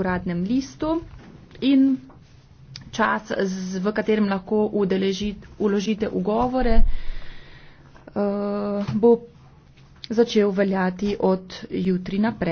uradnem listu in čas, z, v katerem lahko uložite ugovore, uh, bo začel veljati od jutri naprej.